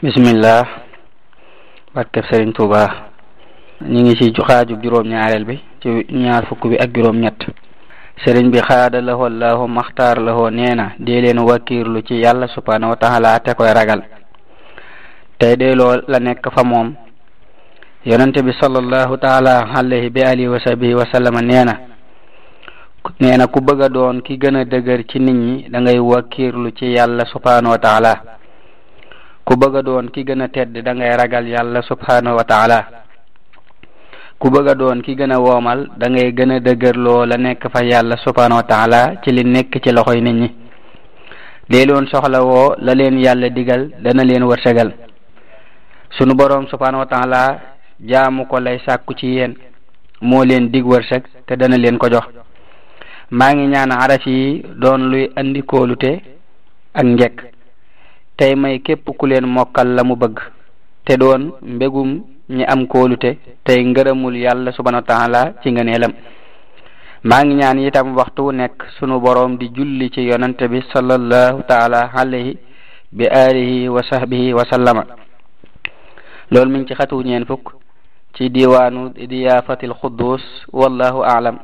bismillah barkeb Sëriñ Tuuba ñu ngi ci xaajub juróom-ñaareel bi ci ñaar fukk bi ak juróom-ñett sëriñ bi xaada lahoo allahu maxtaar lahoo nee na dee leen wakiirlu ci yàlla subhaanahu wa taala te koy ragal tey dee la nekk fa alayhi bi alihi wa sahbihi wa sallama nee na nee na ku bëgg a doon ki gën a dëgër ci nit ñi dangay ngay wakiirlu ci yàlla subhaanahu wa ku bëgg a doon ki gën a tedd da ngay ragal yàlla subhanahu wa taala ku bëgg a doon ki gën a woomal dangay gën a dëgërloo la nekk fa yàlla subhanahu wa ci li nekk ci loxoy nit ñi dee loon soxlawoo la leen yàlla digal dana leen wërsëgal sunu boroom subhanahu wa jamu ko lay sàkku ci yéen moo leen dig wërsëg te dana leen ko jox maa ngi ñaan araf yi doon luy andi kóolute ak njekk tey may képp ku leen mokkal la mu bëgg te doon mbégum ñi am kóolute tey ngërëmul yàlla subhanahu wa taala ci ngëneelam maa ngi ñaan yitam waxtu nekk sunu boroom di julli ci yonante bi sallallahu taala alayhi bi alihi wa sahbihi wa sallama loolu mi ngi ci xatu ñeen fukk ci diwaanu diyaafatil xuddus wallahu aalam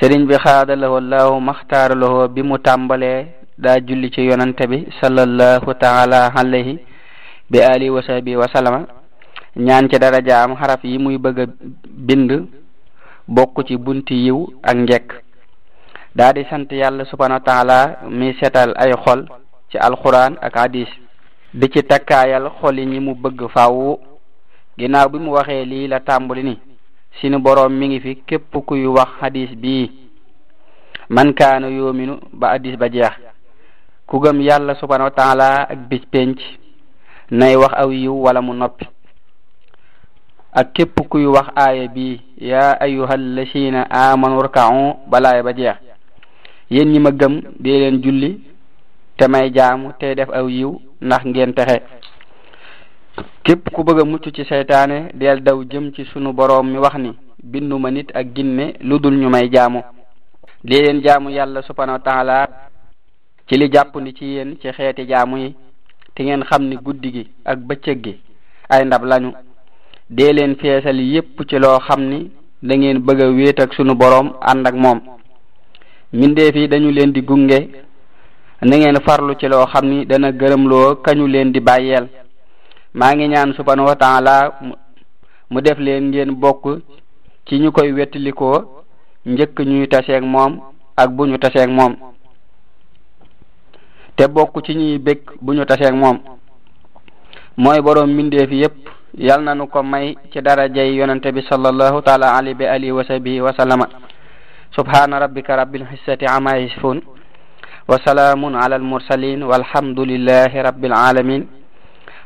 sëriñ bi xaada lahoo laahu bi mu tàmbalee daa julli ci yonante bi sallallahu taala alayhi bi alihi wa sahbi ñaan ci darajaam xaraf yi muy bëgg a bind bokk ci bunt yiw ak njekk daa di sant yàlla subhanahu wa taala mi setal ay xol ci alquran ak hadis di ci takkaayal xol yi mu bëgg faaw ginnaaw bi mu waxee lii la tàmbali ni sinu boroom mi ngi fi képp kuy wax hadis bii man kaana yoominu ba hadis ba jeex ku gëm yàlla subhanahu wa taala ak bis penc nay wax aw yiw wala mu noppi ak képp kuy wax aaya bi yaa ayyuhal lasina amanu rka'u balaay ba jeex yéen ñi ma gëm dee leen julli te may jaamu tey def aw yiw ndax ngeen texe képp ku bëgg a mucc ci seytaane del daw jëm ci sunu boroom mi wax ni binduma nit ak ginne lu dul ñu may jaamu dee leen jaamu yàlla subhanahu ci li jàppandi ci yéen ci xeeti jaamu yi te ngeen xam ni guddi gi ak bëccëg gi ay ndab lañu dee leen feesal yépp ci loo xam ni dangeen ngeen bëgg a ak sunu boroom ànd ak moom mbindeef yi dañu leen di gunge na ngeen farlu ci loo xam ni dana gërëmloo kañu leen di bàyyeel maa ngi ñaan subhanahu wa mu def leen ngeen bokk ci ñu koy wettalikoo njëkk ñuy taseeg moom ak bu ñu taseeg moom te bokk ci ñuy bég bu ñu taseeg moom mooy boroom mbindee fi yépp yal na nu ko may ci darajay yonente bi sallallahu taala alayhi bi alihi wa sahbihi wa sallama subhana rabbika rabbil wa salaamun ala al mursalin walhamdulillahi rabbil alamin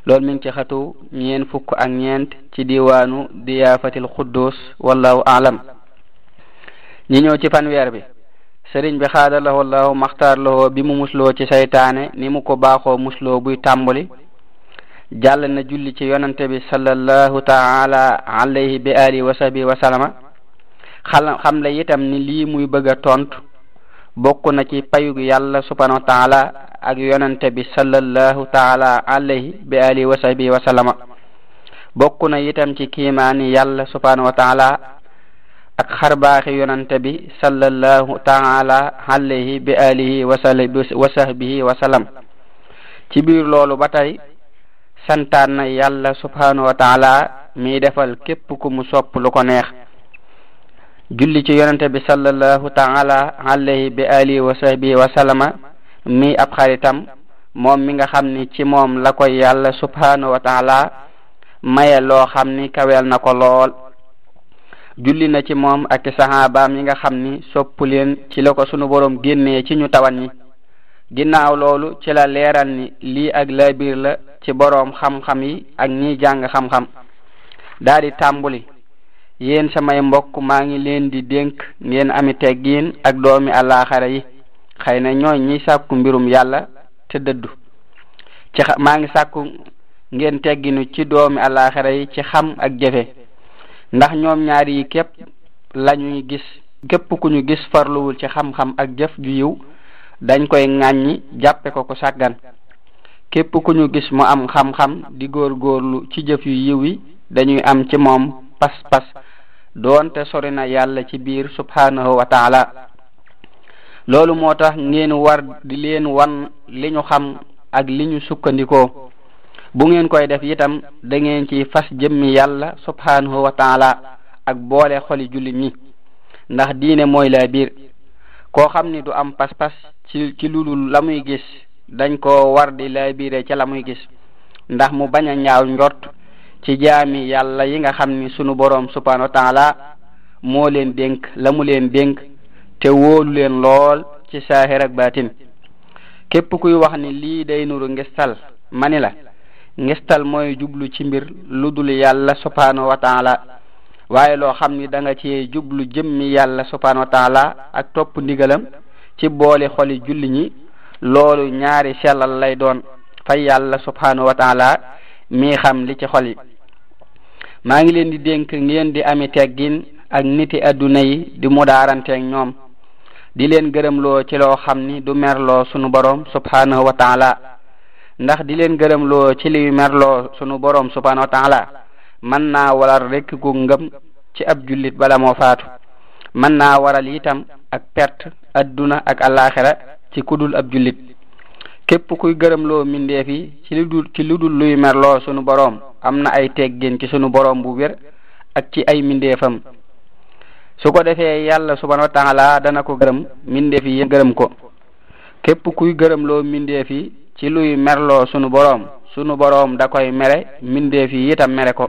loolu mi ci fukk ak ñeent ci diwaanu diyaafatil quddus wallahu alam ñi ñëw ci fanweer bi sëriñ bi xaadalahoo laahu maxtaar lahoo bi mu musloo ci saytaane ni mu ko baaxoo musloo buy tàmbali jàll na julli ci yonante bi sallallahu taala alayhi bi alihi wa sahbi wa la itam ni lii muy bëgg a tontu bokk na ci payug yàlla subhanahu wa taala ak yonante bi sallallahu taala alayhi bi alihi wa sahbi wa na itam ci kiimaani yàlla subhanahu wa ak xarbaaxi yonante bi sallallahu taala alayhi bi alihi wa sahbihi wa sallam ci biir loolu ba tey santaan na yàlla subhanahu wa defal képp ku mu sopp lu ko neex julli ci yonante bi sallallahu taala alayhi bi alihi wa sahbihi wa sallama mi ab xaritam moom mi nga xam ni ci moom la koy yàlla subhanahu wa taala maye loo xam ni kaweel na ko lool julli na ci moom ak sahabaam yi nga xam ni sopp leen ci la ko sunu borom génnee ci ñu tawan ñi ginnaaw loolu ci la leeral ni lii ak labir la ci boroom xam-xam yi ak ñi jàng xam-xam daa di tàmbuli yéen samay mbokk maa ngi leen di dénk ngeen ami teggiin ak doomi alaaxara yi xëy na ñooy ñi sàkku mbirum yàlla te dëddu ci maa ngi sàkku ngeen tegginu ci doomi alaaxara yi ci xam ak jëfe ndax ñoom ñaar yi képp lañuy gis képp ku ñu gis farluwul ci xam-xam ak jëf ju yiw dañ koy ŋàññi jàppe ko ko sàggan képp ku ñu gis mu am xam-xam di góorgóorlu ci jëf yu yiw yi dañuy am ci moom pas-pas doonte sori na yàlla ci biir subhanahu wa loolu moo tax ngeen war di leen wan li ñu xam ak li ñu sukkandikoo bu ngeen koy def itam dangeen ci fas jëmmi yàlla subhanahu wa taala ak boole xoli jullit mi ndax diine mooy laa biir koo xam ni du am pas-pas ci ci lulul la muy gis dañ ko war di laa biire ca la muy gis ndax mu bañ a ñaaw njot ci jaami yàlla yi nga xam ni sunu boroom subhanahu wa taala moo leen dénk lamu leen dénk te wóolu leen lool ci saahir baatin képp kuy wax ni lii day nuru ngistal mani la ngistal mooy jublu ci mbir lu dul yàlla subhanahu wa waaye loo xam ni danga nga ci jublu jëmmi yàlla subhanahu wa ak topp ndigalam ci booli xoli julli ñi loolu ñaari sellal lay doon fay yàlla subhanahu wa taala mii xam li ci xol maa ngi leen di dénk ngeen di ami teggin ak niti adduna yi di mu daaranteeg ñoom di leen gërëmloo ci loo xam ni du merloo sunu borom subhanahu wa ndax di leen gërëmloo ci li merloo sunu boroom subhanahu wa taala mën naa waral rek ku ngëm ci ab jullit bala moo faatu mën naa waral itam ak perte adduna ak alaxira ci kudul ab jullit képp kuy gërëmloo mindeef yi ci ci lu dul luy merloo sunu boroom am na ay teggin ci sunu boroom bu wér ak ci ay mindeefam su ko defee yàlla subhanahu wa taala dana ko gërëm mindeef yi yéen gërëm ko képp kuy gërëmloo mindeef yi ci luy merloo sunu borom sunu borom da koy mere mbindeef yi mere ko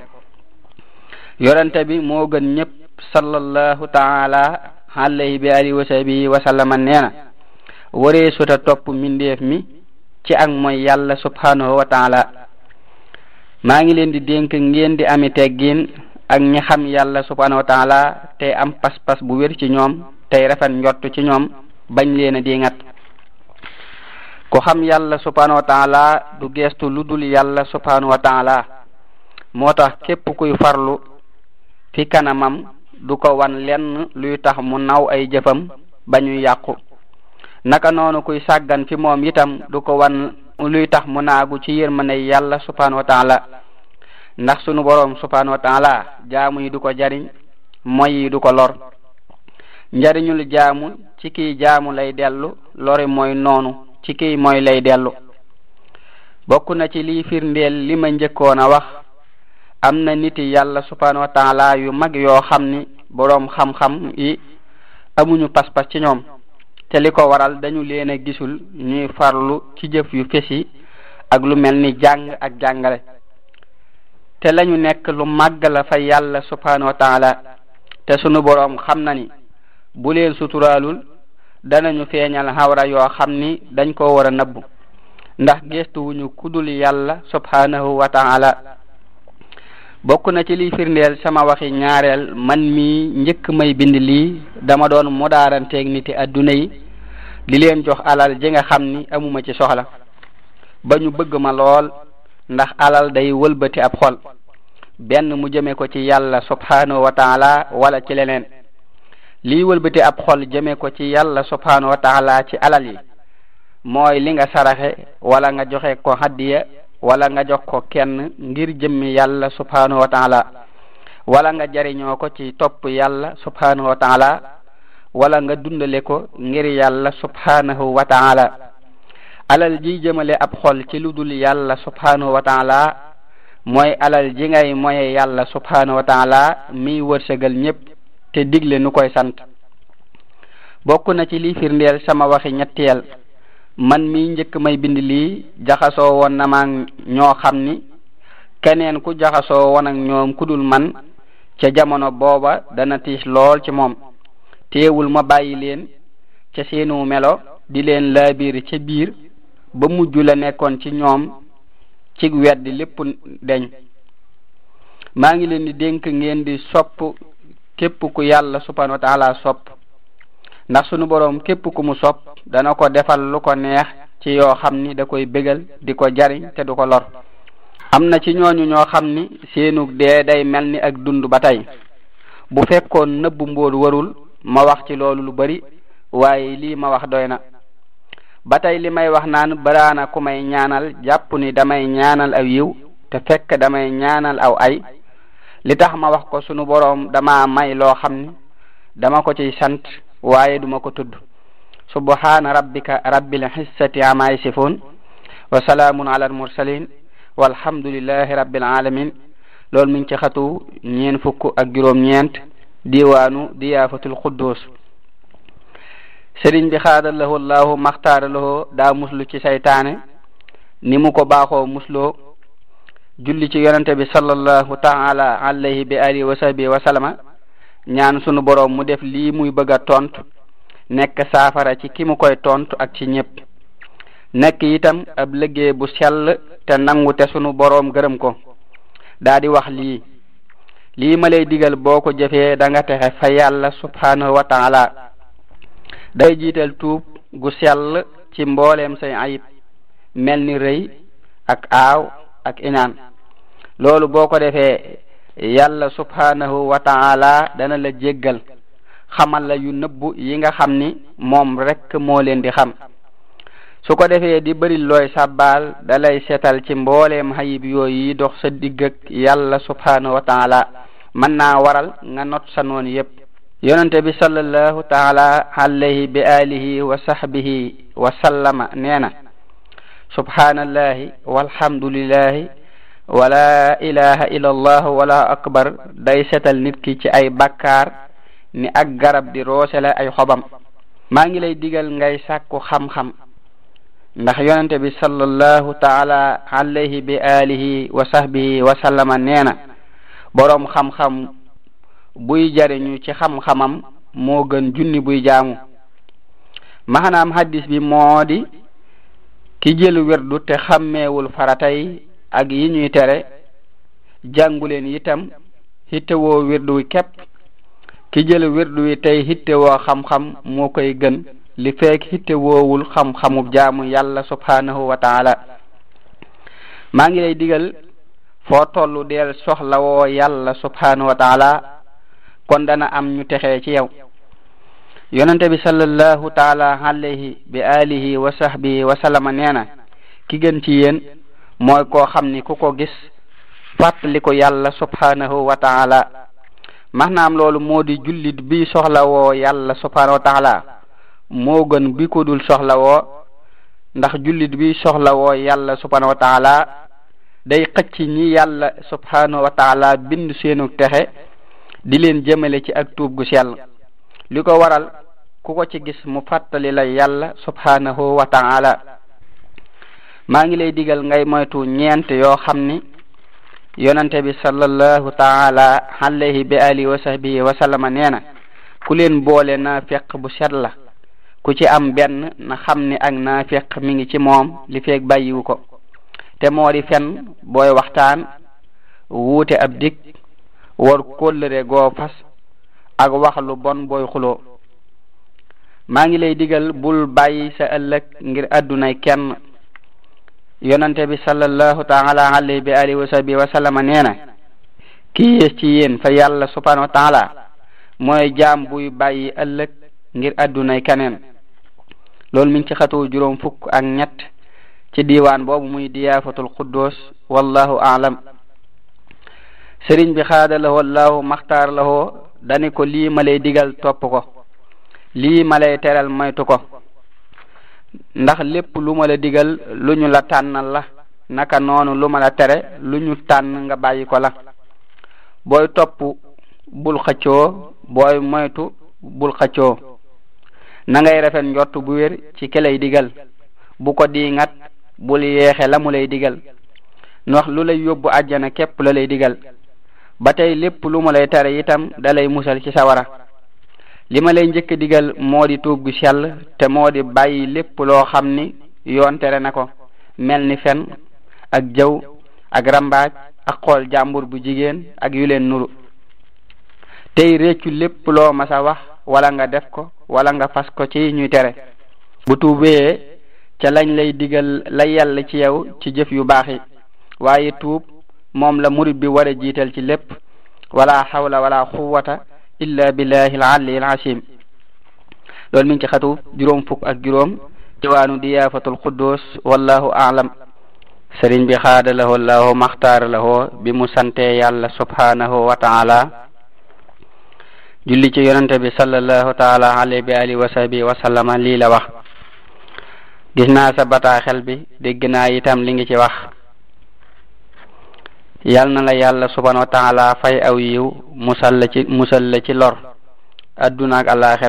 yorante bi moo gën ñépp sallallahu taala alayhi bi alihi wa sahbihi wa sallama nee na topp mbindeef mi ci ak mooy yàlla subhanahu wa taala maa ngi leen di dénk ngeen di ami teggin ak ñi xam yàlla subhanahu wa taala tey am pas-pas bu wér ci ñoom tey rafet njott ci ñoom bañ leen a di ngat ko xam yàlla subhanahu wa du geestu lu dul yàlla subhanahu wa taala moo tax képp kuy farlu fi kanamam du ko wan lenn luy tax mu naw ay jëfam ba ñu yàqu naka noonu kuy sàggan fi moom itam du ko wan luy tax mu naagu ci yërmande yàlla subhanahu wa taala ndax sunu boroom subhanahu wa taala jaamu yi du ko jariñ moy yi du ko lor njariñul jaamu ci kii jaamu lay dellu lori mooy noonu ci kii mooy lay dellu bokk na ci lii firndeel li ma njëkkoon a wax am na niti yàlla subhanahu wa yu mag yoo xam ni boroom xam-xam yi amuñu pas-pas ci ñoom te li ko waral dañu leen a gisul ñuy farlu ci jëf yu fés yi ak lu mel ni jàng ak jàngale te lañu nekk lu màgg la fa yàlla subhanahu wa te sunu boroom xam na ni bu leen suturaalul danañu feeñal xawra yoo xam ni dañ koo war a nëbbu ndax gestuwuñu kudul yàlla subhanahu wa taala bokk na ci liy firndeel sama waxi ñaareel man mii njëkk may bind lii dama doon modaaranteeg niti adduna yi di leen jox alal ji nga xam ni amuma ci soxla ba ñu bëgg ma lool ndax alal day wëlbati ab xol benn mu jëme ko ci yàlla subhanahu wa taala ci leneen liy wëlbati ab xol jëme ko ci yàlla subhanahu wa taala ci alal yi mooy li nga saraxe wala nga joxe ko haddiya wala nga jox ko kenn ngir jëmmi yàlla subhanahu wa taala wala nga jariñoo ko ci topp yàlla subhanahu wa taala wala nga dundale ko ngir yàlla subhanahu wa taala alal ji jëmale ab xol ci lu dul yàlla subhanahu wa taala mooy alal ji ngay moye yàlla subhanahu wa taala miy wërsëgal ñépp te digle nu koy sant bokk na ci li firndeel sama waxi ñetteel man mi njëkk may bind lii jaxasoo woon ñoo xam ni keneen ku jaxasoo woon ak ñoom ku dul man ca jamono booba dana tiis lool ci moom teewul ma bàyyi leen ca seenu melo di leen laabiir ca biir ba mujj la nekkoon ci ñoom cig weddi lépp deñ maa ngi leen di dénk ngeen di sopp képp ku yàlla subhanahu wa taala sopp ndax sunu boroom képp ku mu sopp dana ko defal lu ko neex ci yoo xam ni da koy bégal di ko jariñ te du ko lor am na ci ñooñu ñoo xam ni seenug dee day mel ni ak dund ba tey bu fekkoon nëbbu mbóol warul ma wax ci loolu lu bari waaye lii ma wax doy na ba tey li may wax naan baraana ku may ñaanal jàpp ni damay ñaanal aw yiw te fekk damay ñaanal aw ay li tax ma wax ko sunu boroom dama may loo xam ni dama ko ci sant waaye duma ko tudd subhana rabbika rabbil xissati ama yasifuun wa salaamun ala al mursalin walhamdulillahi rabbil alamin loolu mi ngi ci xatu ñeen fukk ak juróom ñeent diwaanu diyaafatul quddus sëriñ bi xaadalahu allahu maxtaaralahu daa muslu ci saytaane ni mu ko baaxoo musloo julli ci yonente bi sallallahu taala alayhi bi alihi wa sahbi wa sallama ñaan sunu boroom mu def lii muy bëgg a tontu nekk saafara ci ki mu koy tontu ak ci ñëpp nekk itam ab liggéey bu sell te nangu te sunu boroom gërëm ko daa di wax lii lii ma lay digal boo ko jëfee da nga texe fa yàlla subhanahu wa taala day jiital tuub gu sell ci mbooleem say ayib mel ni rëy ak aaw ak inaan loolu boo ko defee yàlla subhanahu wa ta'ala dana la jéggal xamal la yu nëbbu yi nga xam ni moom rek moo leen di xam su ko defee di bari looy da lay setal ci mbooleem xayib yooyu yi dox sa digg ak yàlla subhanahu wa taala mën naa waral nga not sa noon yonente bi sallallahu taala alayhi bi alihi wa sahbihi wa sallama nee na سبحان الله والحمد لله wala ilaha illallah wala akbar day setal nit ki ci ay bakkar ni ak garab di roosale ay xobam maa ngi lay digal ngay sàkku xam-xam ndax yonente bi sallallahu taala alayhi bi alihi wa sahbihi wa sallama nee na boroom xam-xam buy jariñu ci xam-xamam moo gën junni buy jaamu maanaam hadis bi moo di ki jël te xàmmeewul farata yi ak yi ñuy tere jànguleen itam hittewoo wirdu wi képp ki jël wirdu wi tey hittewoo xam-xam moo koy gën li feek hittewoowul xam-xamub jaamu yàlla subhanahu wa maa ngi lay digal foo tollu del soxlawoo yàlla subhanahu wa kon dana am ñu texe ci yow yonente bi sallallahu taala alayhi bi alihi wa sahbihi wa sallama nee na ki gën ci yéen mooy koo xam ni ku ko gis fàttali ko yàlla subhanahu wa taala maanaam loolu moo di jullit bi soxla woo yàlla subhanahu wa taala moo gën bi ko dul soxla woo ndax jullit bi soxla woo yàlla subhanahu wa taala day xëcc ñi yàlla subhanahu wa taala bind seenu texe di leen jëmale ci ak tuub gu sell li ko waral ku ko ci gis mu fàttali la yàlla subhanahu wa ta'ala maa ngi lay digal ngay moytu ñeent yoo xam ni yonante bi sallallahu taala alayhi bi alihi wa sahbihi wa nee na ku leen boole na naafeq bu set la ku ci am benn na xam ni ak naafeq mi ngi ci moom li feeg bàyyiwu ko te moo fen booy waxtaan wuute ab dig war kóllëre goo fas ak wax lu bon booy xuloo maa ngi lay digal bul bàyyi sa ëllëg ngir addunay kenn yonante bi sallallahu taala alayhi bi alihi wa sahbi wa sallama nee na kii yées ci yéen fa yàlla subhanahu wa taala mooy jaam buy bàyyi ëllëg ngir addunay keneen loolu mi ci xatu juróom fukk ak ñett ci diiwaan boobu muy diyaafatul quddus wallahu aalam sëriñ bi xaada lahoo allahu maxtaar lahoo dani ko lii lay digal topp ko lii ma lay teral moytu ko ndax lépp lu ma la digal lu ñu la tànnal la naka noonu lu ma la tere lu ñu tànn nga bàyyi ko la booy topp bul xëccoo booy moytu bul xëccoo na ngay rafet njott bu wér ci ki lay digal bu ko diingat bul yeexe la mu lay digal ndax lu lay yóbbu àjjana képp la lay digal ba tey lépp lu mu lay tere itam da lay musal ci sawara li ma lay njëkk digal moo di tuub gu sell te moo di bàyyi lépp loo xam ni yoon tere na ko mel ni fen ak jëw ak rambaaj ak xool jàmbur bu jigéen ak yu leen nuru tey réccu lépp loo masa wax wala nga def ko wala nga fas ko ci ñuy tere bu tuubee ca lañ lay digal la yàlla ci yow ci jëf yu baax yi waaye tuub moom la murit bi war a jiital ci lépp wala xawla wala xuwata illa billahi al-ali al-asim loolu ci xatu juróom fukk ak juróom diwaanu diyaafatul quddus wallahu aalam sëriñ bi xaada lahoo lahoo maxtaara lahoo bi mu sante yàlla subhanahu wa taala julli ci yonente bi sallallahu taala bi alihi wa sahbihi wa lii la wax gis naa sa bataaxel bi dégg naa itam li ngi ci wax yal na la yàlla subhanahu wa taala fay aw yiw musalla ci musal la ci lor adduna ak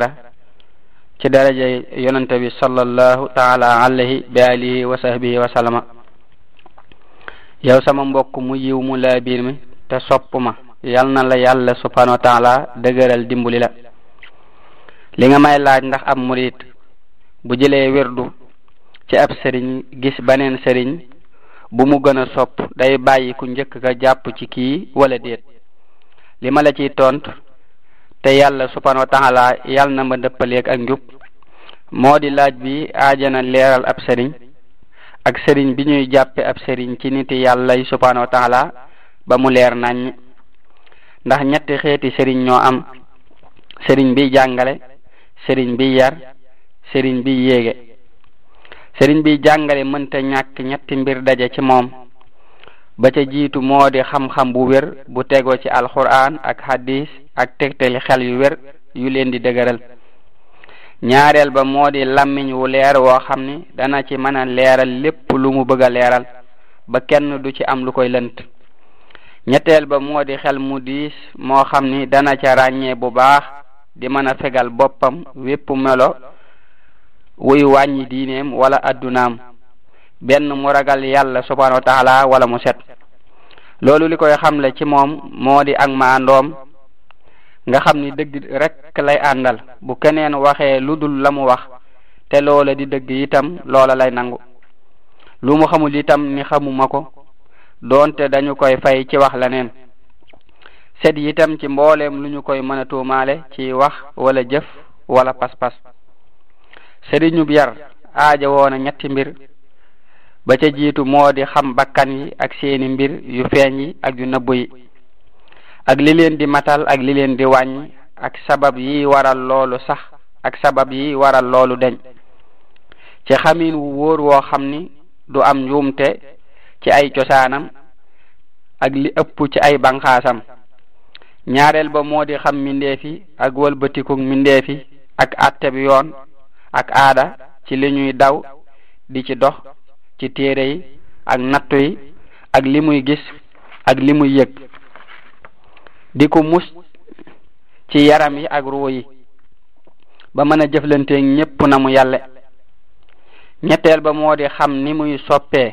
ci daraja yonente bi sallallahu taala alayhi bi alihi wa sahbihi wa sallama yow sama mbokk mu yiw mu laa mi te sopp ma yal na la yàlla subhanahu wa taala dëgëral dimbali la li may laaj ndax ab murid bu jëlee ci ab sëriñ gis baneen sëriñ bu mu gën a sopp day bàyyi ku njëkk ka jàpp ci kii wala déet li ma la ciy tont te yàlla subhanahu wa taala yàlla na ma dëppaleek ak njub moo di laaj bi aajana leeral ab sëriñ ak sëriñ bi ñuy jàppe ab sëriñ ci niti yàlla yi subhanahu ba mu leer nañ ndax ñetti xeeti sëriñ ñoo am sëriñ bi jàngale sëriñ bi yar sëriñ bi yéege sëriñ bi jàngale mënta ñàkk ñetti mbir daje ci moom ba ca jiitu moo di xam-xam bu wér bu tegoo ci alquran ak hadis ak tegtali xel yu wér yu leen di dëgëral ñaareel ba moo di làmmiñ wu leer woo xam ni dana ci mën a leeral lépp lu mu bëgg a leeral ba kenn du ci am lu koy lënt ñetteel ba moo di xel mu diis moo xam ni dana ca ràññee bu baax di mën a fegal boppam wépp melo wuy wàññi diineem wala addunaam benn mu ragal yàlla subhanahu taala wala mu set loolu li koy xamle ci moom moo di ak maandoom nga xam ni dëgg rek lay àndal bu keneen waxee lu dul la mu wax te loola di dëgg itam loola lay nangu lu mu xamul itam ni xamuma ko doonte dañu koy fay ci wax leneen set itam ci mbooleem lu ñu koy mën a tuumaale ci wax wala jëf wala pas-pas sëriñu yar aajo woona ñetti mbir ba ca jiitu moo di xam bakkan yi ak seeni mbir yu feeñ yi ak yu nëbb yi ak li leen di matal ak li leen di wàññ ak sabab yiy waral loolu sax ak sabab yiy waral loolu deñ ci xamin wu wóor woo xam ni du am njuumte ci ay cosaanam ak li ëpp ci ay banxaasam ñaareel ba moo di xam mindeefi ak wëlbatikug mindeefi ak atteb yoon ak aada ci li ñuy daw di ci dox ci téere yi ak nattu yi ak li muy gis ak li muy yëg di ko mus ci yaram yi ak ruu yi ba mën a jëflanteeg ñépp na mu yàlle ñetteel ba moo di xam ni muy soppee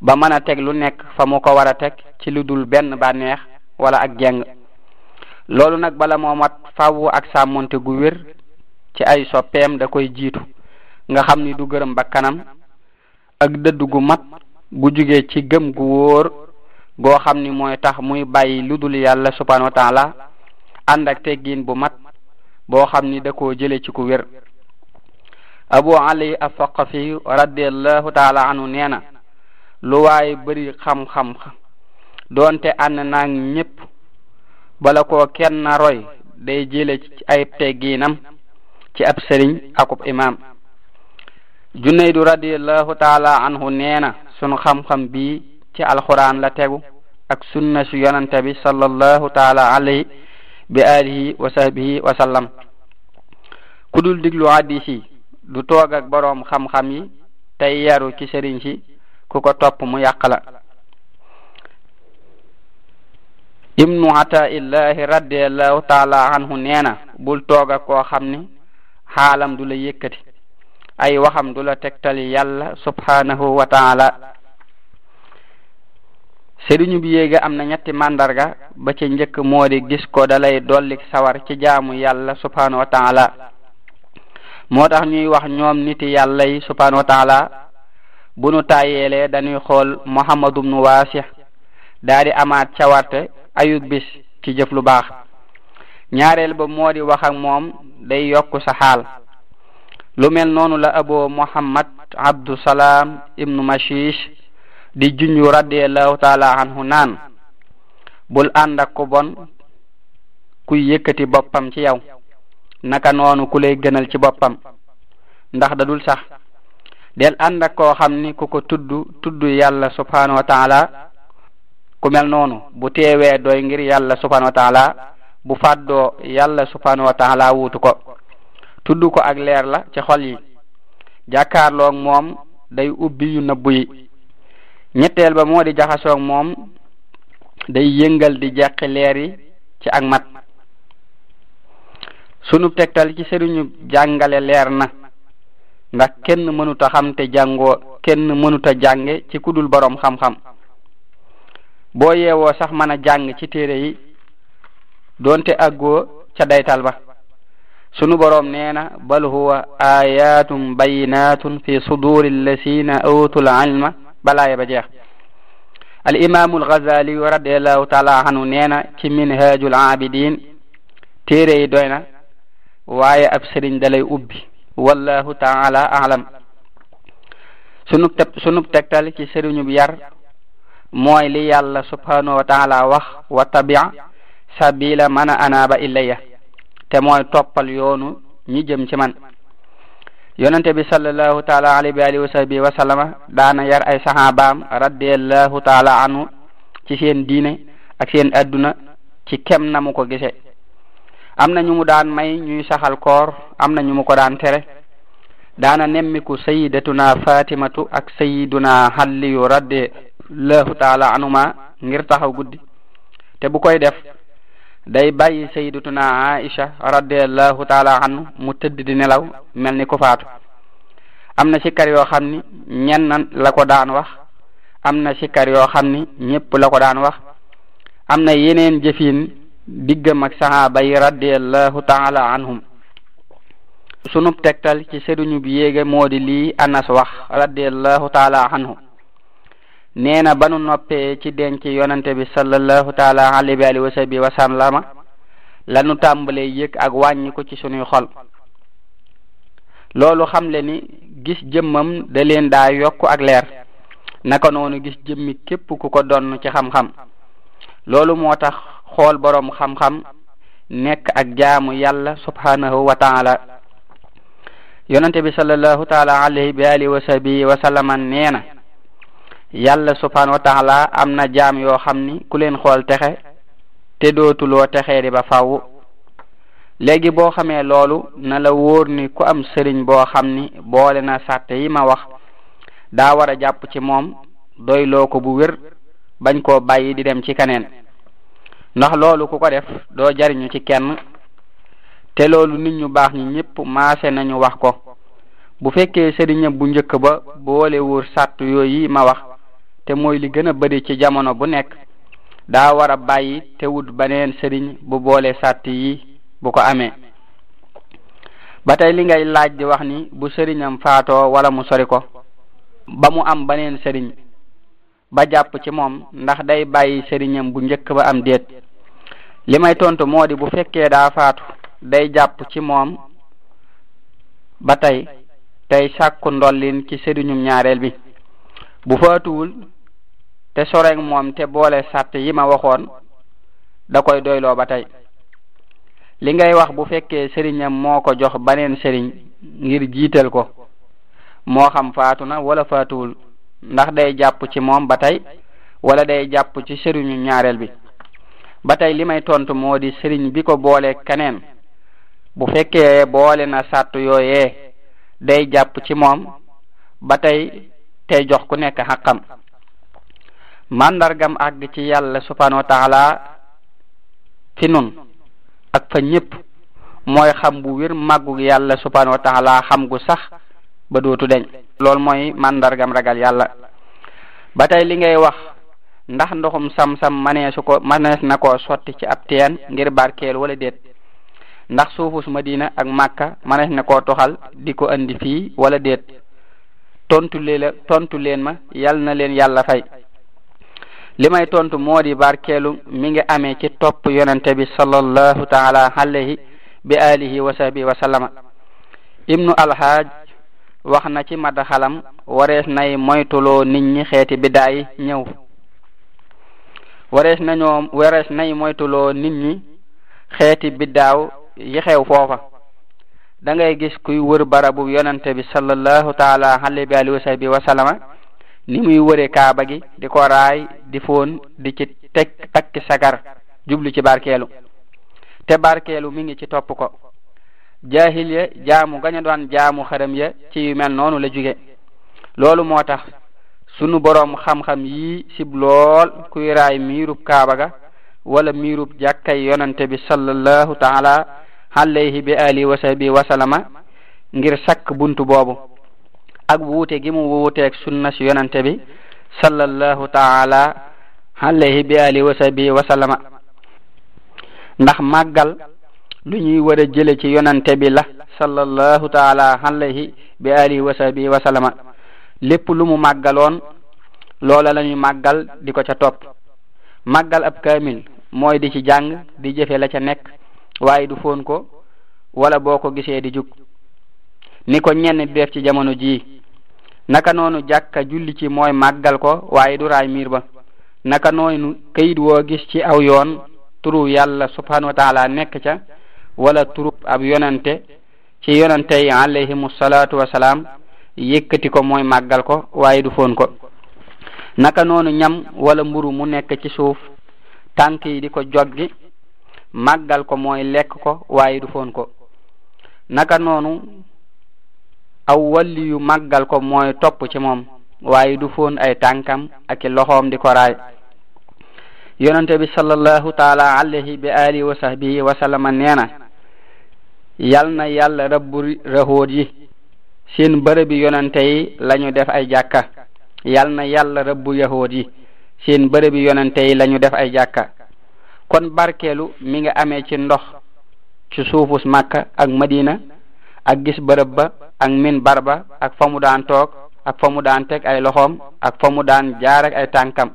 ba mën a teg lu nekk fa mu ko war a teg ci lu dul benn bànneex wala ak jeng loolu nag bala moo mat faawu ak sàmmonte gu wér ci ay soppeem da koy jiitu nga xam ni du gërëm ba kanam ak dëdd gu mat gu jugee ci gëm gu wóor goo xam ni mooy tax muy bàyyi lu dul yàlla subhanahu wa taala ànd ak teggiin bu mat boo xam ni da koo jële ci ku wér abu ali afaqafi radiallahu taala anhu nee lu waaye bëri xam-xam doonte ànd naag ñépp bala ko kenn roy day jële ci ay teggiinam ci ab sëriñ akub imaam junaydu radiallahu taala anhu nee na sunu xam-xam bi ci alxuraan la tegu ak sunna su yonante bi sallallahu taala bi alihi wa sahbihi wa sallam ku dul diglu hadis yi du toog ak boroom xam-xam yi tey yaru ci sëriñ si ku ko topp mu yàq la ibnu ataillahi radiallahu taala anhu nee na bul toog ak xam ni xaalam du la yëkkati ay waxam du la tegtali yàlla subhanahu wa taala sëriñu bi yéega am na ñetti màndarga ba ci njëkk moo di gis ko dalay dolli sawar ci jaamu yàlla subhanahu wa moo tax ñuy wax ñoom niti yàlla yi subhanahu wa taala bu nu tàyyeelee dañuy xool muhammadu bnu waasix daa amaat cawarte ayub bis ci jëf lu baax ñaareel ba moodi di wax ak moom day yokk sa lu mel noonu la abo muhammad abdusalaam ibnu mashish di junju radiallahu taala anhu naan bul ànd ak ku bon kuy yëkkati boppam ci yow naka noonu ku lay gënal ci boppam ndax da dul sax del ànd ak koo xam ni ku ko tudd tudd yàlla subhanahu wa ku mel noonu bu teewee doy ngir yàlla subhanahu wa bu fàddoo yàlla subhanahu wa taala ko tudd ko ak leer la ci xol yi jàkkaarloog moom day ubbi yu nëbbu yi ñetteel ba moo di jaxasoog moom day yëngal di jeqi leer yi ci ak mat sunu tegtal ci sëriñu jàngale leer na ndax kenn mënuta a xam te jàngoo kenn mënut a ci kudul boroom xam-xam boo yeewoo sax mën a jàng ci téere yi doonte àggoo ca daytal ba sunu boroom neena na bal huwa ayatum bayinatun fi suduri allazina utul ilma balaaya ba jeex al imaamu al ghazali radiallahu taala anhu nee na ci minhajul abidin téere yi doy na waaye ab sëriñ dalay ubbi wallahu taala alam sunub te sunub ci sëriñub yar mooy li yàlla subhanahu wa taala wax wa tabia sabila man anaaba ilayya te mooy toppal yoonu ñi jëm ci man yonente bi sallallahu taala alayhi wa alihi wa sahbi wa sallama daana yar seen diine ak seen adduna ci kem namu ko gise am na ñu mu daan may ñuy saxal koor am na ñu mu ko daan tere daana nemmiku sayidatuna fatimatu ak sayiduna xalliyu radiallahu taala anhuma ngir taxaw guddi te koy def day bàyyi sayyidatuna Aisha radiallahu taala anhu mu tëdd di nelaw mel ni ku faatu am na sikkar yoo xam ni ñenn la ko daan wax am na sikkar yoo xam ni ñépp la ko daan wax am na yeneen jëfin diggam ak sahaaba yi radiallahu taala anhum sunub tegtal ci sëriñu bi yéege moo di lii anas wax radiallahu taala anhu nee na ba nu noppee ci denc yonante bi sallallahu taala alayhi wa alihi wa sahbi wa sallama la tàmbalee yëg ak wàññiku ci suñuy xol loolu xam le ni gis jëmmam da leen daa yokk ak leer naka noonu gis jëmmi képp ku ko donn ci xam-xam loolu moo tax xool boroom xam-xam nekk ak jaamu yàlla subhanahu wa taala yonante bi sallallahu taala alayhi wa alihi wa sahbi wa yàlla subhanahu wa taala am na jaam yoo xam ni ku leen xool texe te dootuloo texee di ba fàww léegi boo xamee loolu na la wóor ni ku am sëriñ boo xam ni boole na sàtte yi ma wax daa war a jàpp ci moom doy loo ko bu wér bañ koo bàyyi di dem ci keneen ndax loolu ku ko def doo jariñu ci kenn te loolu nit ñu baax ñi ñëpp maase nañu wax ko bu fekkee sëriñam bu njëkk ba boole wóor sàtt yooyu ma wax te mooy li gën a bëri ci jamono bu nekk daa war a bàyyi te wut beneen sëriñ bu boole sàtt yi bu ko amee ba tey li ngay laaj di wax ni bu sëriñam faatoo wala mu sori ko ba mu am beneen sëriñ ba jàpp ci moom ndax day bàyyi sëriñam bu njëkk ba am déet li may tontu moo di bu fekkee daa faatu day jàpp ci moom ba tey tey sàkku ndollin ci sëriñum ñaareel bi bu faatuwul te sorek moom te boole sart yi ma waxoon da koy doyloo ba tey li ngay wax bu fekkee sëriñam moo ko jox baneen sëriñ ngir jiital ko moo xam faatu na wala faatuwul ndax day jàpp ci moom ba tey wala day jàpp ci sëriñu ñaareel bi ba tey li may tontu moo di sëriñ bi ko boole keneen bu fekkee boole na sàtt yooyee day jàpp ci moom ba tey tey jox ku nekk xaqam màndargam àgg ci yàlla subhanahu wa taala ci nun ak fa ñëpp mooy xam bu wér màggu yàlla subhanahu wa taala xam gu sax ba dootu deñ loolu mooy màndargam ragal yàlla ba tey li ngay wax ndax ndoxum sam-sam maneesu ko manees na koo sotti ci ab teen ngir barkeel wala déet ndax suufus diina ak màkka manees na ko toxal di ko indi fii wala déet tontu leen ma yal na leen yàlla fay li may tontu moo di barkeelu mi ngi amee ci topp yonente bi sallallahu taala alayhi bi alihi wa sahbihi wa sallama ibnu alhaaj wax na ci madaxalam warees nay moytuloo nit ñi xeeti bidaa ñëw warees na ñoom warees nay moytuloo nit ñi xeeti biddaaw yi xew foofa da ngay gis kuy wër barabu yonente bi sallallahu taala alayhi bi alihi wa sahbihi ni muy wëre kaaba gi di ko raay di foon di ci teg takki sagar jublu ci barkeelu te barkeelu mi ngi ci topp ko jahil ya jaamu gaña doon jaamu xërëm ya ci yu mel noonu la juge loolu moo tax sunu borom xam-xam yii sib lool kuy raay miirub kaaba ga wala miirub jàkkay yonante bi sallallahu taala alayhi bi alihi wa sahbihi wasalama ngir sakk buntu boobu ak wuute gi mu wuuteeg sunna si yonante bi salallahu taala alayhi bi alihi wasabi wasalama ndax màggal lu ñuy war a jële ci yonante bi la salallahu taala alayhi bi alihi wasabi wasalama lépp lu mu màggaloon loola la ñuy màggal di ko ca topp màggal ab kaamil mooy di ci jàng di jëfe la ca nekk waaye du fóon ko wala boo ko gisee di jug ni ko ñenn di def ci jamono jii naka noonu jàkka julli ci mooy màggal ko waaye du raay miir ba naka noonu kayit woo gis ci aw yoon turu yàlla subhanahu wa taala nekk ca wala turu ab yonante ci yonante yi alayhimu salaatu wasalaam yëkkati ko mooy màggal ko waaye du foon ko naka noonu ñam wala mburu mu nekk ci suuf tànk yi di ko joggi màggal ko mooy lekk ko waaye du foon ko naka noonu aw walli yu màggal ko mooy topp ci moom waaye du foon ay tànkam ak loxoom di ko raay yonente bi sallallahu taala alayhi bi alihi wa sahbihi wa sallama nee na yal na yàlla rabbu rahoot yi seen bërëbi yonente yi lañu def ay jàkka yal na yàlla rabbu yahoot yi seen bërëbi yonente yi lañu def ay jàkka kon barkeelu mi amee ci ndox ci suufus Makka ak Madina ak gis bërëb ba ak min barba ak fa toog ak fa mu daan teg ay loxoom ak fa mu daan jaar ay tànkam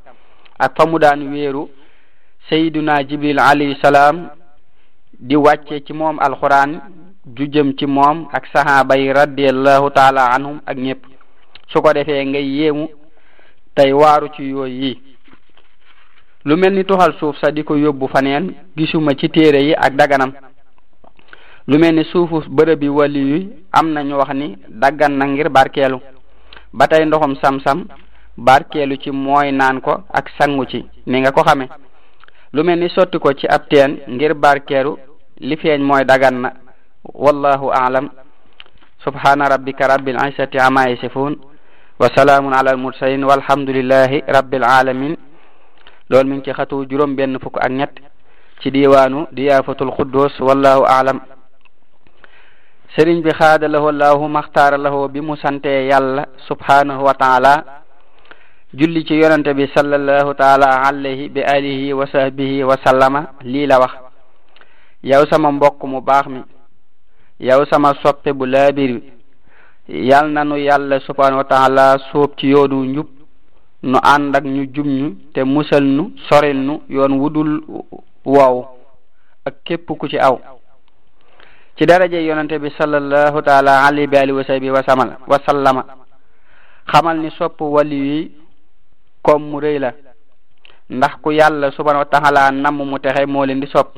ak fa mu daan wéeru sayduna jibril alayhi salaam di wàcce ci moom alxuraan ju jëm ci moom ak sahaaba yi radiallahu taala anhum ak ñëpp su ko defee ngay yéemu tey waaru ci yooyu yi lu mel ni tuxal suuf sa di ko yóbbu faneen gisuma ci téere yi ak daganam lu mel ni suufu bërëb yi am na ñu wax ni daggan na ngir barkeelu ba tey ndoxum sam-sam barkeelu ci mooy naan ko ak sangu ci ni nga ko xame lu mel ni sotti ko ci ab teen ngir barkeelu li feeñ mooy daggan na wallahu aalam subhana rabbika rabbil izzati amma wa salaamun ala al mursalin walhamdulillahi rabbil alamin loolu mi ngi ci xatu juróom benn fukk ak ñett ci diiwaanu diyaafatul quddus wallahu aalam sëriñ bi xaada lahoo laahu bi mu santee yàlla subhanahu wa taala ci yonante bi sallallahu taala alayhi bi alihi wa sahbihi wa sallama lii la wax sama mbokk mu baax mi yow sama soppe bu laabir bi yal na nu yàlla subhanahu wa soob ci yoonu njub nu ànd ak ñu jub ñu te musal nu soril nu yoon wudul woow ak képp ku ci aw ci daraje yonente bi sallallahu taala alayhi bi alihi wa wasamal wasallama xamal ni sopp wali yi comme mu rëy la ndax ku yàlla subhanahu wa taala namm mu texe moo leen di sopp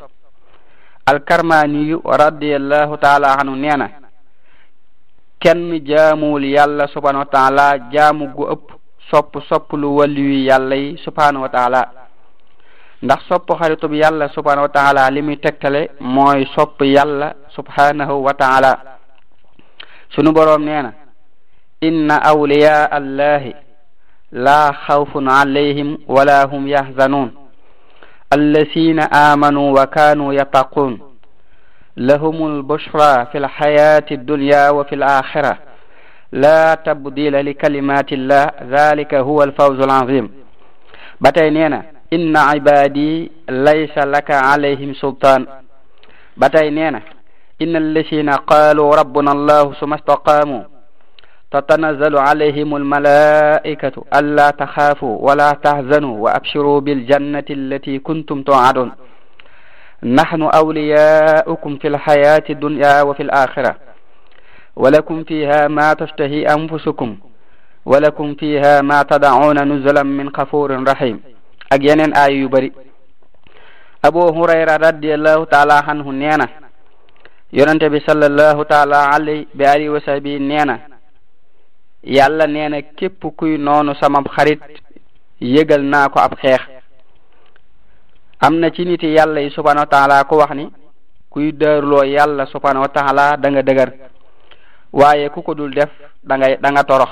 alkarmaaniyu radiallahu taala anhu nee na kenn jaamuwul yàlla subhanahu wa taala jaamu gu ëpp sopp sopp lu wali yi yàlla yi subhanahu wa taala ndax sopp xaritu bi yàlla subhanahu wa taala li muy tegtale mooy sopp yàlla subhanahu wa taala sunu borom nee na inna awliya allahi la xawfun alayhim wala hum yahzanun allazina amanu wa kanu yattaquun lahum albushra fi lxayaati addunya wa fi laaxira laa tabdila li kalimati llah dhalika huwa alfawzu alazim ba tey nee na إن عبادي ليس لك عليهم سلطان باتاي نينا إن الذين قالوا ربنا الله ثم استقاموا تتنزل عليهم الملائكة ألا تخافوا ولا تحزنوا وأبشروا بالجنة التي كنتم توعدون نحن أولياؤكم في الحياة الدنيا وفي الآخرة ولكم فيها ما تشتهي أنفسكم ولكم فيها ما تدعون نزلا من غفور رحيم ak yeneen aaya yu bari abu hurayra radiallahu taala anhu neena yonente bi sallallahu taala alay bi alihi wa sahbi neena yàlla neena képp kuy noonu sama xarit yëgal naa ko ab xeex am na ci niti yàlla yi subhanahu ko wax ni kuy dërloo yàlla subhanahu wa danga da nga waaye ku ko dul def da torox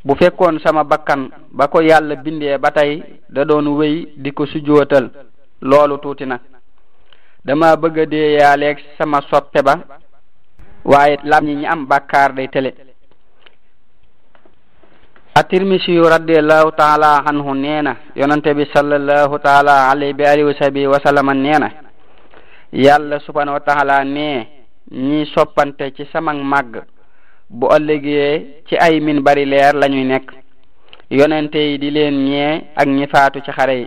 bu fekkoon sama bakkan bako yàlla bindee ba tey da doon wéy di ko sujootal loolu tuuti na dama bëgg a dee yaaleeg sama soppe ba waaye lam ñi ñi am bàkkaar tele at yu radiallahu taala anhu nee na yonante bi sallallahu taala alayhi bi alihi nee na yàlla subhanahu wa nee ñi soppante ci sama màgg bu ëllëgee ci ay min bari leer lañuy nekk yonente yi di leen ñee ak ñi faatu ci xare yi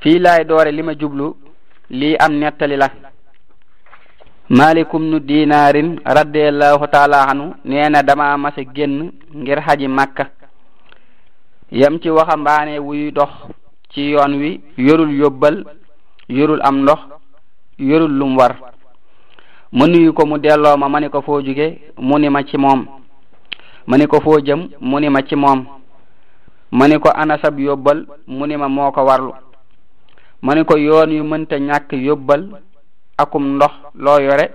fii lay doore lima jublu lii am nettali la malikum nu dinaarin radiallahu taala anu dama masa génn ngir xaji màkka yam ci waxambaane wuy dox ci yoon wi yorul yobbal yorul am ndox yorul lum war ma nuyu ko mu delloo ma ma ni ko foo jóge mu ni ma ci moom ma ni ko foo jëm mu ni ma ci moom ma ni ko anasab yóbbal mu ni ma moo ko warlu ma ni ko yoon yu mënta ñàkk yóbbal akum ndox loo yore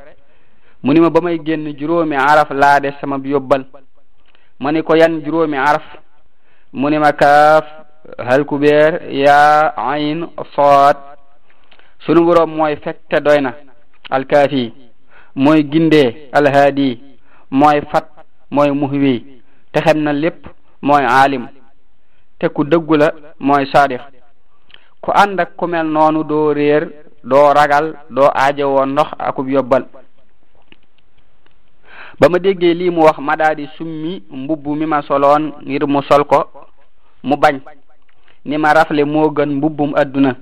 mu ni ma ba may génn juróomi araf laa des sama yóbbal ma ni ko yan juróomi araf mu ni ma kaaf hal kubeer yaa ayn sood sunu boroom mooy te doy na alkaafi mooy gindee alhaadi mooy fat mooy muhwi te xam na lépp mooy aalim te ku dëggu la mooy saadix ku ànd ak noonu doo réer doo ragal doo aajowoo ndox akub yobbal ba ma déggee lii mu wax ma daa summi mbubb mi ma soloon ngir mu sol ko mu bañ ni ma rafle moo gën mbubbum adduna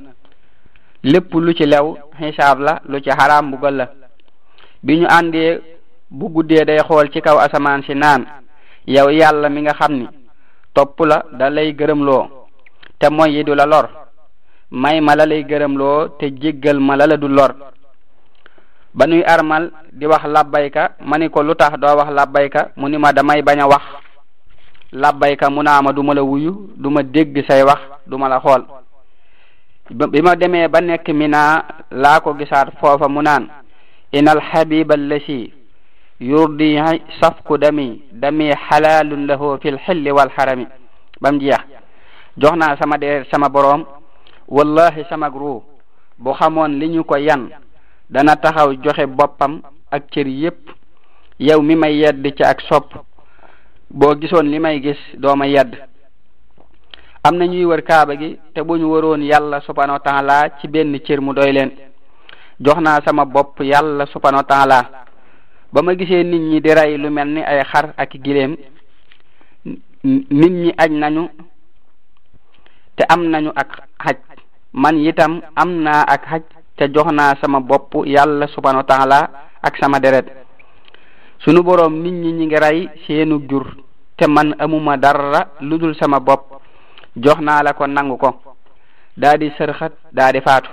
lépp lu ci lew xisaab la lu ci xaraam mbugal la bi ñu àndee bu guddee day xool ci kaw asamaan si naan yow yàlla mi nga xam ni topp la da lay gërëmloo te mooy yi du la lor may ma la lay gërëmloo te jéggal ma la la du lor ba nuy armal di wax labbayka ma ni ko lu tax doo wax labbayka mu ni ma damay bañ a wax labbayka mu naa ma du ma la wuyu duma ma say wax du ma la xool bi ma demee ba nekk mi naa laa ko gisaat foofa mu naan إن الحبيب الذي يرضي سفك دمي دمي حلال له في الحل والحرم bam jeex jox naa sama deer sama boroom wallahi sama ruu boo xamoon li ñu ko yan dana taxaw joxe boppam ak cër yépp yow mi may yedd ci ak sopp boo gisoon li may gis dooma yedd am na ñuy wër kaaba gi te bu ñu waroon yàlla subhanahu wa ci benn cër mu doy leen jox naa sama bopp yàlla subhanahu wa ba ma gisee nit ñi di rey lu mel ni ay xar ak gileem nit ñi aj nañu te am nañu ak xaj man itam am naa ak xaj te jox naa sama bopp yàlla subhanahu wa ak sama deret sunu boroom nit ñi ñi ngi rey seenu jur te man amuma dara lu dul sama bopp jox naa la ko nangu ko daa di sërxat daa di faatu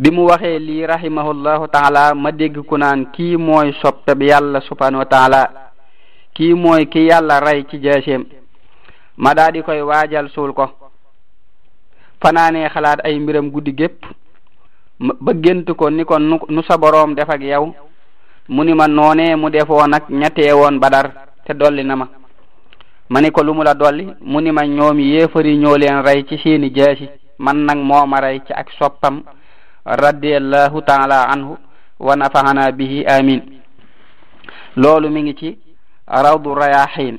bi mu waxee lii rahimahullahu taala ma dégg ku naan kii mooy soppe bi yàlla subhanahu wa taala kii mooy ki yàlla rey ci jaaseem ma daa koy waajal suul ko fanaane xalaat ay mbiram guddi gépp ba gént ko ni ko nu sa boroom def ak yow mu ni ma noonee mu defoon ak ñettee woon badar te dolli na ma ma ni ko lu mu la dolli mu ni ma ñoom yéefari ñoo leen rey ci seeni jaasi man nag moo ma rey ci ak soppam radiallahu taala anhu wa nafaxana bihi amin loolu mi ngi ci rawdu rayahin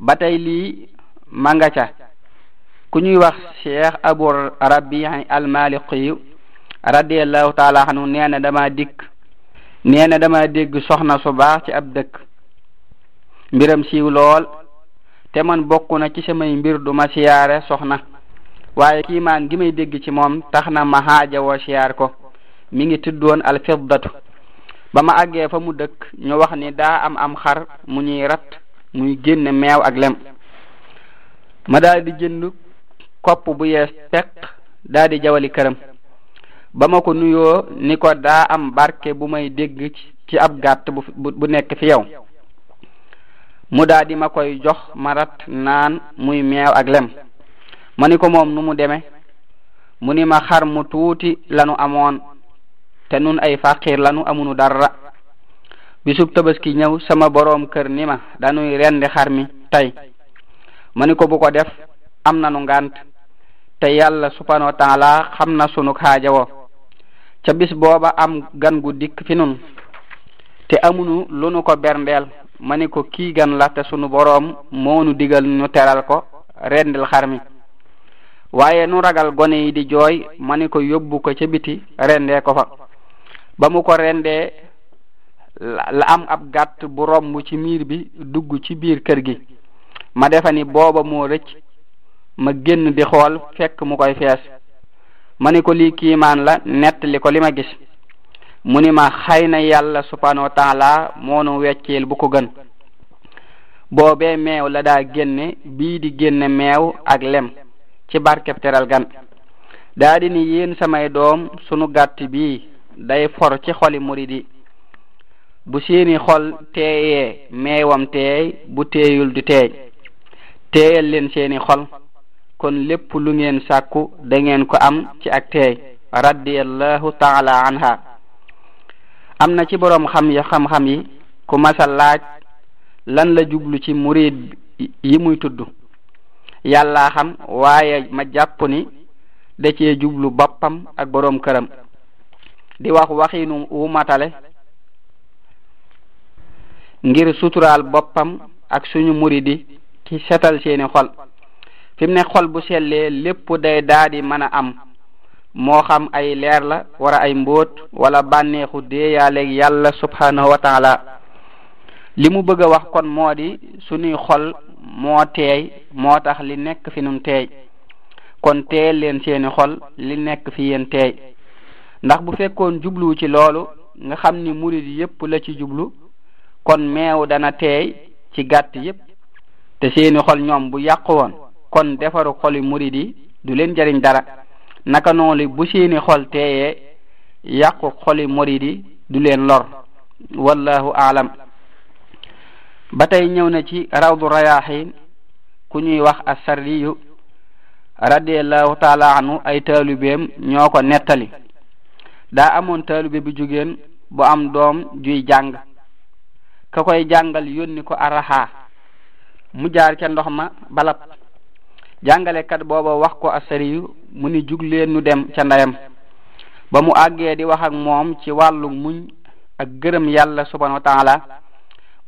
ba tey lii ma nga ca ku ñuy wax cheikh abu rabi almaliqiyu radiallahu taala anhu nee na dama dikk nee na dama dégg soxna su baax ci ab dëkk mbiram siiw lool te man bokk na ci samay mbir du ma siyaare soxna waaye kiimaan gi may dégg ci moom tax na ma xaaja woo siyaar ko mi ngi tuddoon alfiddatu ba ma àggee fa mu dëkk ñu wax ni daa am am xar mu ñuy rat muy génne meew ak lem ma daldi di jënd kopp bu yees peq daal jawali këram ba ma ko nuyoo ni ko daa am barke bu may dégg ci ab gàtt bu bu nekk fi yow mu daal ma koy jox ma rat naan muy meew ak lem ma ni ko moom nu mu demee mu ni ma xar mu tuuti lanu amoon te nun ay faqir lanu amunu dara bisub tabaski ñëw sama boroom kër ni ma dañuy rendi xar mi tey ma ni ko bu ko def am nanu nu ngant te yàlla subhanahu wa taala xam na sunu xaajawoo ca bis booba am gan gu dikk fi nun te amunu lu nu ko berndeel ma ni ko kii gan la te sunu boroom moo nu digal nu teral ko rendil xar mi waaye nu ragal gone yi di jooy ma ni ko yóbbu ko ca biti rendee ko fa ba mu ko rendee la am ab gàtt bu romb ci miir bi dugg ci biir kër gi ma defa ni booba moo rëcc ma génn di xool fekk mu koy fees ma ni ko lii kiimaan la nettali ko li ma gis mu ni ma xëy na yàlla subhanahu wa taala moonu wecceel bu ko gën boobee meew la daa génne bii di génne meew ak lem ci barkeb teral gan daa ni yéen samay doom sunu gàtt bi day for ci xoli murid yi bu seeni xol teeyee meewam teey bu teeyul du teey teeyal leen seeni xol kon lépp lu ngeen sàkku da ngeen ko am ci ak teey radiallahu taala anha am na ci boroom xam ya xam-xam yi ku masa laaj lan la jublu ci murid yi muy tudd yàllaa xam waaye ma jàpp ni da cee jublu boppam ak boroom këram di wax waxinu wu matale ngir suturaal boppam ak suñu muri di ci setal seeni xol fi mu ne xol bu sellee lépp day daa di mën a am moo xam ay leer la wara ay mbóot wala bànneexu déeyaaleeg yàlla subhanahu wa taala li mu bëgg wax kon moo di suñuy xol moo teey moo tax li nekk fi nun teey kon teel leen seeni xol li nekk fi yéen teey ndax bu fekkoon jubluwu ci loolu nga xam ni murid yépp la ci jublu kon meew dana teey ci gàtt yépp te seeni xol ñoom bu yàqu woon kon defaru xoli murid yi du leen jariñ dara naka noonu bu seeni xol teeyee yàqu xoli murid yi du leen lor wallahu aalam ba tey ñëw na ci rawdu rayaahin ku ñuy wax assarriyu radiallahu taala anhu ay taalubeem ñoo ko nettali daa amoon taalube bu jugéen bu am doom juy jàng ko koy jàngal yónni ko araxaa mu jaar ca ndox ma balab jàngalekat booba wax ko assariyu mu ni jug leen dem ca ndeyam ba mu àggee di wax moom ci wàllu muñ ak gërëm yàlla subhanahu wa taala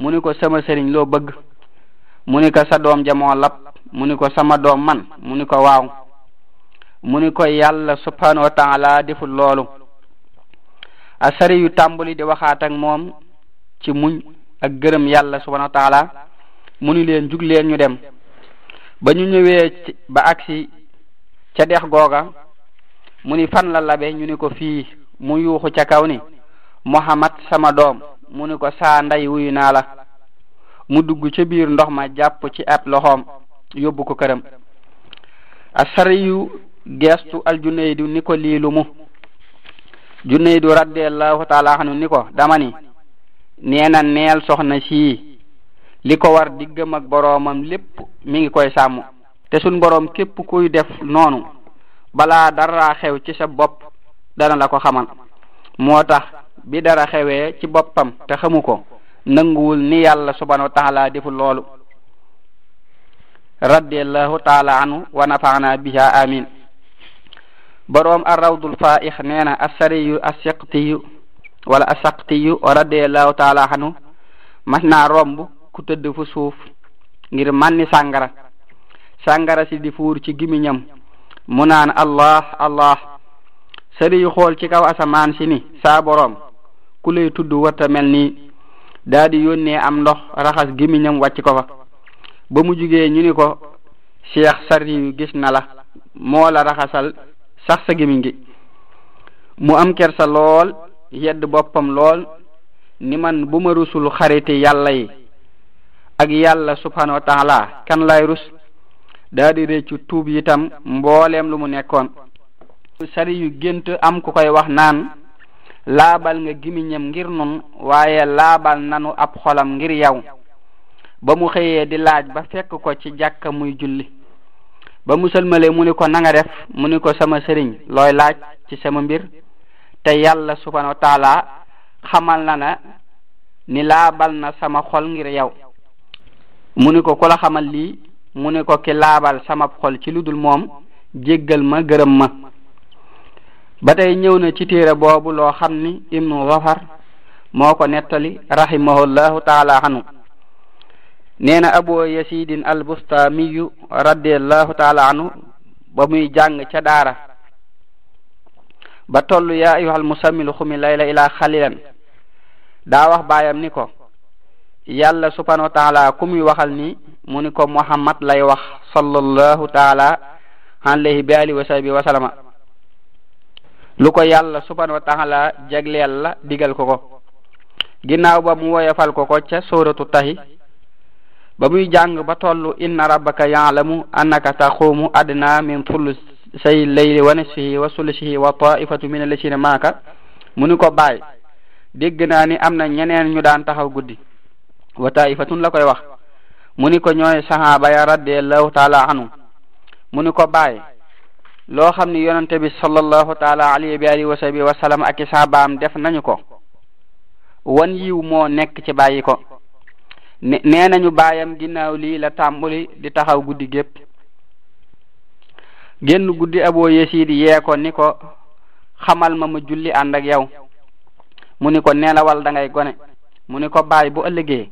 mu ni ko sama sëriñ loo bëgg mu ni ko sa doom ja moo lab mu ni ko sama doom man mu ni ko waaw mu ni ko yàlla subhanahu wa taala deful loolu asari yu tàmbali di waxaat ak moom ci muñ ak gërëm yàlla subhanahu wa taala mu ni leen jug leen ñu dem ba ñu ñëwee ba agsi ca dex googa mu ni fan la labe ñu ni ko fii mu yuuxu ca kaw ni Muhammad sama doom mu ni ko saa nday wuyu naa la mu dugg ca biir ndox ma jàpp ci ab loxoom yóbbu ko këram asariyu geestu al junaydu ni ko lii lu mu junaydu radiallahu taala anhu ni ko dama ni nee soxna sii li ko war diggam ak boroomam lépp mi ngi koy sàmm te sun boroom képp kuy def noonu bala dara xew ci sa bopp dana la ko xamal moo tax bi dara xewee ci boppam te xamu ko nanguwul ni yàlla subhanahu wa taala deful loolu radiallahu taala anhu wa nafaana biha amin boroom arrawdul faix nee na assariyu assiqtiyu wala assaqtiyu radiallahu taala anhu mas naa romb ku tëdd fu suuf ngir manni sàngara sàngara si di ci gimiñam mu naan allah allah sëriyu xool ci kaw asamaan si ni saa boroom ku lay tudd warta mel nii daa di yónnee am ndox raxas gémmiñam wàcc ko fa ba mu jugee ñu ni ko cheikh sarri gis na la moo la raxasal sax sa gémmiñ gi mu am kersa lool yedd boppam lool ni man bu ma rusul xariti yàlla yi ak yàlla subhanahu wa taala kan lay rus daa di réccu tuub itam mboolem lu mu nekkoon sari gént am ku koy wax naan laabal nga gimiñam ngir nun waaye laabal nanu ab xolam ngir yow ba mu xëyee di laaj ba fekk ko ci jàkka muy julli ba mu sëlmale mu ni ko nanga def mu ni ko sama sëriñ looy laaj ci sama mbir te yàlla subhanahu wa xamal na na ni laabal na sama xol ngir yow mu ni ko ku la xamal lii mu ni ko ki laabal sama xol ci lu dul moom jéggal ma gërëm ma ba tey ñëw na ci téere boobu loo xam ni ibnu zafar moo ko nettali rahimahullahu taala anhu nee na abu yasidin albustamiyu radiallahu taala anhu ba muy jàng ca daara ba toll yaa ayuhal musammilu xumi layla ilaa xalilan daa wax baayam ni ko yàlla subhanahu wa taala ku muy waxal ni mu ni ko muhammad lay wax sallallahu taala alayhi bi alihi wa sahbihi wa lu ko yàlla subhanahu wa taala la digal ko ko ginnaaw ba mu woyofal ko ko ca sóoratu tahi ba muy jàng ba toll inna rabbaka yaalamu annaka taqumu adna min thulusay leyli wa nisfihi wa sulusihi wa taifatu min allasina maaka mu ni ko bàyyi dégg naa ni am na ñeneen ñu daan taxaw guddi wa taifatun la koy wax mu ni ko ñooy sahaaba ya radiallahu taala anhu mu ni ko bàyyi loo xam ne yonente bi sallallahu taala alayhi bi alihi wa sahbi wa saabaam def nañu ko wan yiw moo nekk ci bàyyi ko nee nañu baayam ginnaaw lii la tàmbuli di taxaw guddi gépp génn guddi aboo yesiid yee ko ni ko xamal ma ma julli ànd ak yow mu ni ko nelawal da ngay gone mu ni ko baay bu ëllëgee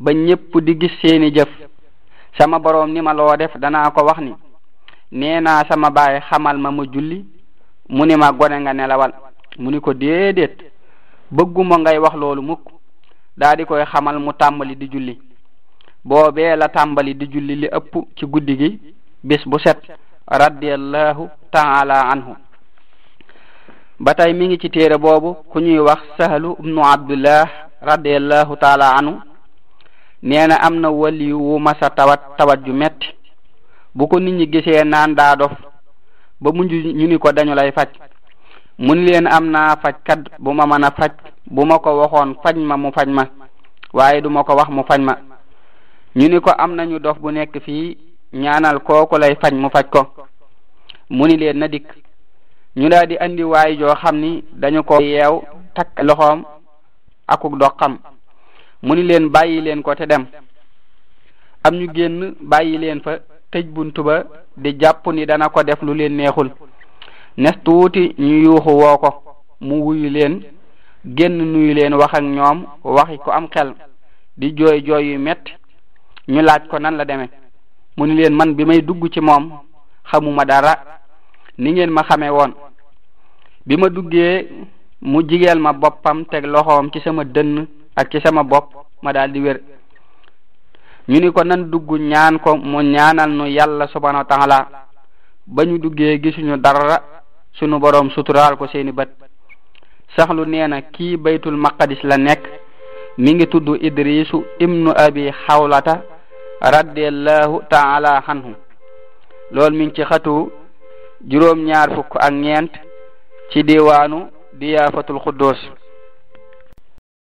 ba ñépp di gis seeni jëf sama boroom ni ma loo def danaa ko wax ni nee naa sama baay xamal ma ma julli mu ni ma gone nga ne nelawal mu ni ko déedéet bëgguma ngay wax loolu mukk daa koy xamal mu tàmbali di julli boobee la tàmbali di julli li ëpp ci guddi gi bis bu set radiallahu taala anhu ba tey mi ngi ci téere boobu ku ñuy wax sahlu ibnu abdullah radiallahu taala anhu nee na am na wali wu masa tawat tawat ju metti bu ko nit ñi gisee naan daa dof ba mujj ñu ni ko dañu lay faj ni leen am naa fajkat bu ma mën a faj bu ma ko waxoon faj ma mu faj ma waaye du ma ko wax mu faj ma ñu ni ko am nañu dof bu nekk fii ñaanal kooku lay faj mu faj ko mu ni leen na dikk ñu daal di andi waay joo xam ni dañu ko yeew takk loxoom akuk doxam mu ni leen bàyyi leen ko te dem am ñu génn bàyyi leen fa tëj bunt ba di jàpp ni dana ko def lu leen neexul nes tuuti ñu yuuxu woo ko mu wuyu leen génn nuyu leen wax ak ñoom waxi ko am xel di jooy jooy yu metti ñu laaj ko nan la demee mu ni leen man bi may dugg ci moom xamuma dara ni ngeen ma xamee woon bi ma duggee mu jigeel ma boppam teg loxoom ci sama dënn ak ci sama bopp ma daal di wér ñu ni ko nan dugg ñaan ko mu ñaanal nu yàlla subhanahu wa ba ñu duggee gisuñu dara sunu boroom sutural ko seeni bët saxlu nee na kii baytul maqadis la nekk mi ngi tudd idrisu ibnu abi xawlata radiallahu taala anhu loolu mi ngi ci xatu juróom ñaar fukk ak ñeent ci diwaanu diyaafatul xuddoos